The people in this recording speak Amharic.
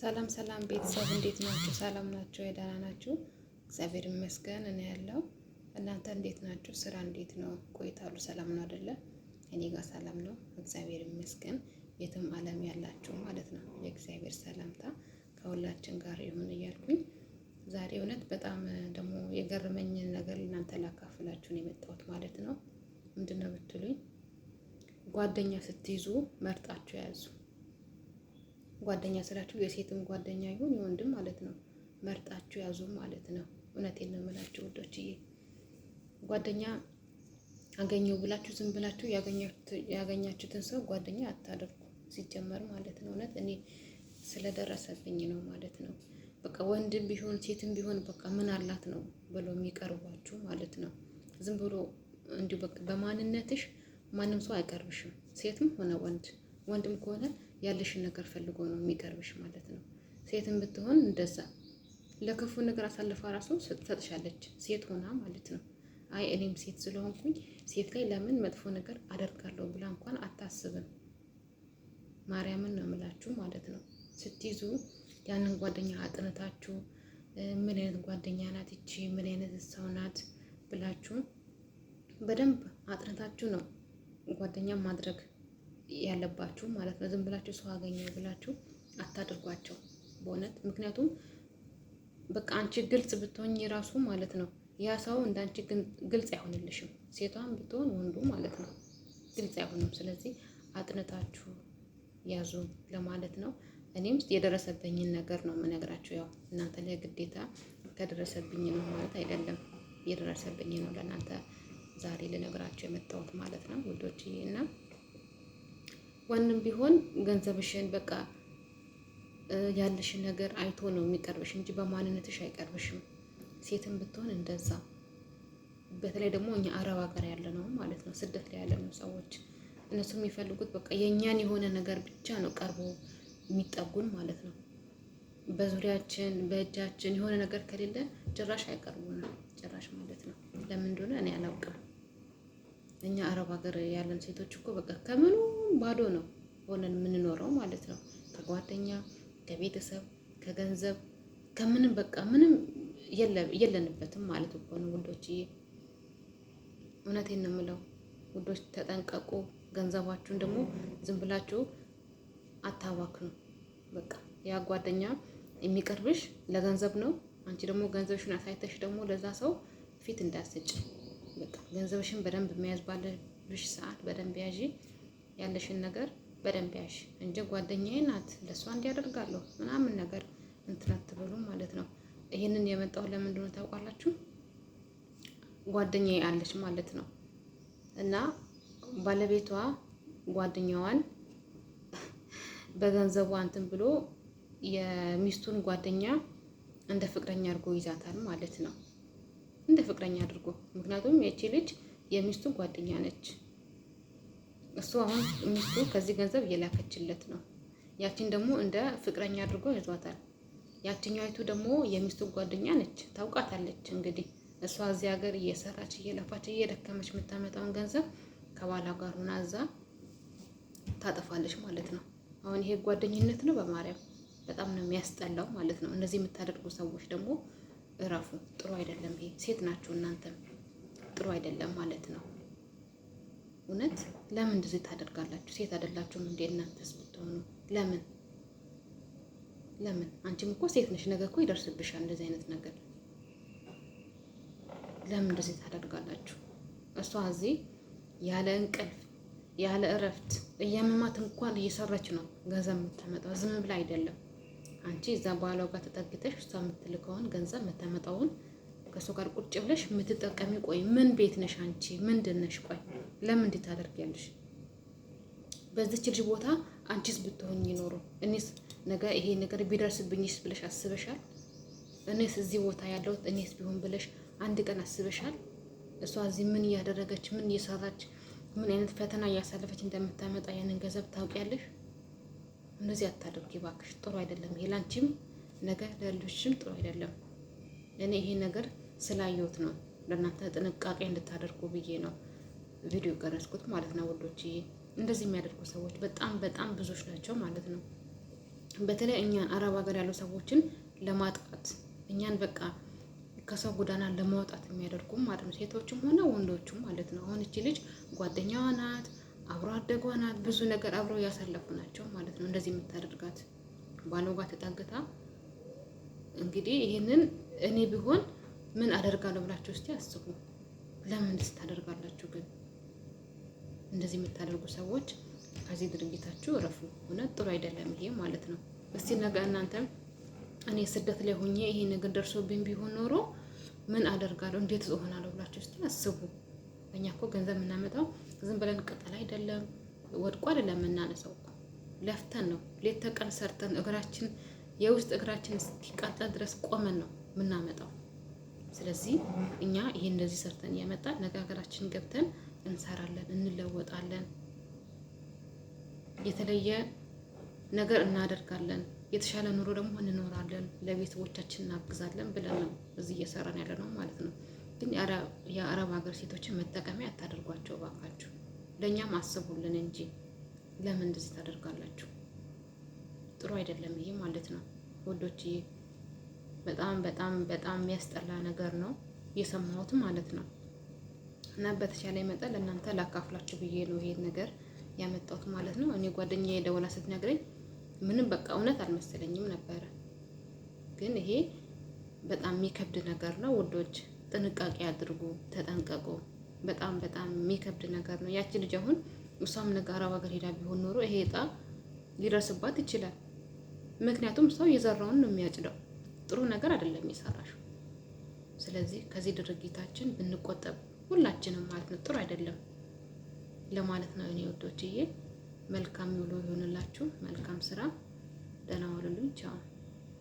ሰላም ሰላም ቤተሰብ እንዴት ናችሁ? ሰላም ናችሁ? የደህና ናችሁ? እግዚአብሔር ይመስገን እኔ ያለው እናንተ እንዴት ናችሁ? ስራ እንዴት ነው? ቆይታሉ ሰላም ነው አይደለ? እኔ ጋር ሰላም ነው እግዚአብሔር ይመስገን። የትም ዓለም ያላችሁ ማለት ነው የእግዚአብሔር ሰላምታ ከሁላችን ጋር ይሁን እያልኩኝ ዛሬ እውነት በጣም ደግሞ የገረመኝን ነገር እናንተ ላካፍላችሁ ነው የመጣሁት ማለት ነው። ምንድን ነው ብትሉኝ ጓደኛ ስትይዙ መርጣችሁ ያዙ ጓደኛ ስላችሁ የሴትም ጓደኛ ይሁን የወንድም ማለት ነው፣ መርጣችሁ ያዙ ማለት ነው። እውነቴን ነው የምላችሁ ውዶችዬ። ጓደኛ አገኘው ብላችሁ ዝም ብላችሁ ያገኛችሁትን ሰው ጓደኛ አታደርጉ ሲጀመር ማለት ነው። እውነት እኔ ስለደረሰብኝ ነው ማለት ነው። በቃ ወንድም ቢሆን ሴትም ቢሆን በቃ ምን አላት ነው ብሎ የሚቀርቧችሁ ማለት ነው። ዝም ብሎ እንዲሁ በቃ በማንነትሽ ማንም ሰው አይቀርብሽም፣ ሴትም ሆነ ወንድ ወንድም ከሆነ ያለሽን ነገር ፈልጎ ነው የሚቀርብሽ ማለት ነው። ሴትን ብትሆን እንደዛ ለክፉ ነገር አሳልፋ ራሱ ትሰጥሻለች፣ ሴት ሆና ማለት ነው። አይ እኔም ሴት ስለሆንኩኝ ሴት ላይ ለምን መጥፎ ነገር አደርጋለሁ ብላ እንኳን አታስብም። ማርያምን ነው የምላችሁ ማለት ነው። ስትይዙ ያንን ጓደኛ አጥንታችሁ ምን አይነት ጓደኛ ናት ይቺ፣ ምን አይነት ሰው ናት ብላችሁ በደንብ አጥንታችሁ ነው ጓደኛ ማድረግ ያለባችሁ ማለት ነው። ዝም ብላችሁ ሰው አገኘው ብላችሁ አታድርጓቸው በእውነት ምክንያቱም በቃ አንቺ ግልጽ ብትሆኝ ራሱ ማለት ነው ያ ሰው እንደ አንቺ ግልጽ አይሆንልሽም። ሴቷን ብትሆን ወንዱ ማለት ነው ግልጽ አይሆንም። ስለዚህ አጥነታችሁ ያዙ ለማለት ነው። እኔም የደረሰብኝን ነገር ነው የምነግራችሁ። ያው እናንተ ላይ ግዴታ ከደረሰብኝ ነው ማለት አይደለም፣ የደረሰብኝ ነው ለእናንተ ዛሬ ልነግራችሁ የመጣሁት ማለት ነው ውዶች እና ማንም ቢሆን ገንዘብሽን በቃ ያለሽን ነገር አይቶ ነው የሚቀርብሽ እንጂ በማንነትሽ አይቀርብሽም። ሴትም ብትሆን እንደዛ። በተለይ ደግሞ እኛ አረብ ሀገር ያለ ነው ማለት ነው፣ ስደት ላይ ያለ ነው ሰዎች እነሱ የሚፈልጉት በቃ የእኛን የሆነ ነገር ብቻ ነው ቀርቦ የሚጠጉን ማለት ነው። በዙሪያችን በእጃችን የሆነ ነገር ከሌለ ጭራሽ አይቀርቡንም ጭራሽ ማለት ነው። ለምን እንደሆነ እኔ አላውቅም። እኛ አረብ ሀገር ያለን ሴቶች እኮ በቃ ከምኑም ባዶ ነው ሆነን የምንኖረው ማለት ነው። ከጓደኛ ከቤተሰብ ከገንዘብ ከምንም በቃ ምንም የለንበትም ማለት እኮ ነው ውዶችዬ። እውነቴን ነው የምለው ውዶች፣ ተጠንቀቁ። ገንዘባችሁን ደግሞ ዝም ብላችሁ አታባክኑ። በቃ ያ ጓደኛ የሚቀርብሽ ለገንዘብ ነው። አንቺ ደግሞ ገንዘብሽን አሳይተሽ ደግሞ ለዛ ሰው ፊት እንዳስጭ በቃ ገንዘብሽን በደንብ መያዝ ባለብሽ ሰዓት በደንብ ያዢ፣ ያለሽን ነገር በደንብ ያዢ እንጂ ጓደኛዬ ናት ለእሷ እንዲያደርጋለሁ ምናምን ነገር እንትን ማለት ነው። ይህንን የመጣው ለምንድን ነው ታውቃላችሁ? ጓደኛዬ አለች ማለት ነው እና ባለቤቷ ጓደኛዋን በገንዘቧ እንትን ብሎ የሚስቱን ጓደኛ እንደ ፍቅረኛ አድርጎ ይዛታል ማለት ነው። እንደ ፍቅረኛ አድርጎ። ምክንያቱም የቺ ልጅ የሚስቱ ጓደኛ ነች። እሱ አሁን ሚስቱ ከዚህ ገንዘብ እየላከችለት ነው። ያቺን ደግሞ እንደ ፍቅረኛ አድርጎ ይዟታል። ያችኛይቱ ደግሞ የሚስቱ ጓደኛ ነች፣ ታውቃታለች። እንግዲህ እሷ እዚህ ሀገር እየሰራች እየለፋች እየደከመች የምታመጣውን ገንዘብ ከባላ ጋር ሆና እዛ ታጠፋለች ማለት ነው። አሁን ይሄ ጓደኝነት ነው። በማርያም በጣም ነው የሚያስጠላው ማለት ነው። እነዚህ የምታደርጉ ሰዎች ደግሞ እረፉ። ጥሩ አይደለም። ይሄ ሴት ናችሁ እናንተም ጥሩ አይደለም ማለት ነው። እውነት ለምን እንደዚህ ታደርጋላችሁ? ሴት አይደላችሁም እንዴ እናንተስ ብትሆኑ? ለምን ለምን? አንቺም እኮ ሴት ነሽ፣ ነገ እኮ ይደርስብሻል እንደዚህ አይነት ነገር። ለምን እንደዚህ ታደርጋላችሁ? እሷ እዚህ ያለ እንቅልፍ ያለ እረፍት እያመማት እንኳን እየሰራች ነው ገንዘብ የምታመጣው፣ ዝም ብላ አይደለም። አንቺ እዛ በኋላው ጋር ተጠግተሽ እሷ የምትልከውን ገንዘብ የምታመጣውን ከእሱ ጋር ቁጭ ብለሽ የምትጠቀሚ። ቆይ ምን ቤት ነሽ አንቺ? ምንድን ነሽ? ቆይ ለምን እንዴት ታደርጊያለሽ? በዚች ልጅ ቦታ አንቺስ ብትሆኝ ይኖሩ እኔስ ነገ ይሄ ነገር ቢደርስብኝስ ብለሽ አስበሻል? እኔስ እዚህ ቦታ ያለሁት እኔስ ቢሆን ብለሽ አንድ ቀን አስበሻል? እሷ እዚህ ምን እያደረገች ምን እየሰራች ምን አይነት ፈተና እያሳለፈች እንደምታመጣ ያንን ገንዘብ ታውቂያለሽ? እንደዚህ አታድርጊ እባክሽ፣ ጥሩ አይደለም። ይሄ ላንቺም ነገ ለልጆችሽም ጥሩ አይደለም። እኔ ይሄ ነገር ስላየሁት ነው ለእናንተ ጥንቃቄ እንድታደርጉ ብዬ ነው ቪዲዮ ቀረጽኩት ማለት ነው ውዶችዬ። እንደዚህ የሚያደርጉ ሰዎች በጣም በጣም ብዙዎች ናቸው ማለት ነው። በተለይ እኛን አረብ ሀገር ያሉ ሰዎችን ለማጥቃት እኛን በቃ ከሰው ጎዳና ለማውጣት የሚያደርጉም ማለት ነው። ሴቶችም ሆነ ወንዶችም ማለት ነው። አሁን እቺ ልጅ ጓደኛዋ ናት አብሮ አደጓ ናት። ብዙ ነገር አብሮ ያሳለፉ ናቸው ማለት ነው። እንደዚህ የምታደርጋት ባለው ጋር ተጠግታ እንግዲህ ይህንን እኔ ቢሆን ምን አደርጋለሁ ብላችሁ እስቲ አስቡ። ለምን ደስ ታደርጋላችሁ? ግን እንደዚህ የምታደርጉ ሰዎች ከዚህ ድርጊታችሁ እረፉ። እውነት ጥሩ አይደለም ይሄ ማለት ነው። እስቲ ነገ እናንተም እኔ ስደት ላይ ሆኜ ይሄ ነገር ደርሶብኝ ቢሆን ኖሮ ምን አደርጋለሁ፣ እንዴት እሆናለሁ ብላችሁ እስቲ አስቡ። እኛ እኮ ገንዘብ የምናመጣው ዝም ብለን ቅጠል አይደለም ወድቆ አይደለም የምናነሳው ለፍተን ነው። ሌት ተቀን ሰርተን እግራችን የውስጥ እግራችን እስኪቃጠል ድረስ ቆመን ነው የምናመጣው። ስለዚህ እኛ ይሄ እንደዚህ ሰርተን እያመጣ ነገ ሀገራችን ገብተን እንሰራለን፣ እንለወጣለን፣ የተለየ ነገር እናደርጋለን፣ የተሻለ ኑሮ ደግሞ እንኖራለን፣ ለቤተሰቦቻችን እናግዛለን ብለን ነው እዚህ እየሰራን ያለ ነው ማለት ነው። ግን የአረብ ሀገር ሴቶችን መጠቀሚያ አታደርጓቸው። ለእኛም አስቡልን እንጂ ለምን እንደዚህ ታደርጋላችሁ? ጥሩ አይደለም ይሄ ማለት ነው ወዶች በጣም በጣም በጣም የሚያስጠላ ነገር ነው የሰማሁት ማለት ነው። እና በተቻለ መጠን ለእናንተ ላካፍላችሁ ብዬ ነው ይሄን ነገር ያመጣሁት ማለት ነው። እኔ ጓደኛዬ ደውላ ስትነግረኝ ምንም በቃ እውነት አልመሰለኝም ነበረ። ግን ይሄ በጣም የሚከብድ ነገር ነው ውዶች። ጥንቃቄ አድርጉ፣ ተጠንቀቁ። በጣም በጣም የሚከብድ ነገር ነው። ያቺ ልጅ አሁን እሷም ነገ አረብ ሀገር ሄዳ ቢሆን ኖሮ ይሄ እጣ ሊደርስባት ይችላል። ምክንያቱም ሰው የዘራውን ነው የሚያጭደው። ጥሩ ነገር አይደለም የሰራሽው። ስለዚህ ከዚህ ድርጊታችን ብንቆጠብ ሁላችንም ማለት ነው። ጥሩ አይደለም ለማለት ነው። እኔ ወዶችዬ መልካም ይውሎ ይሆንላችሁ። መልካም ስራ። ደህና ዋሉልኝ። ቻው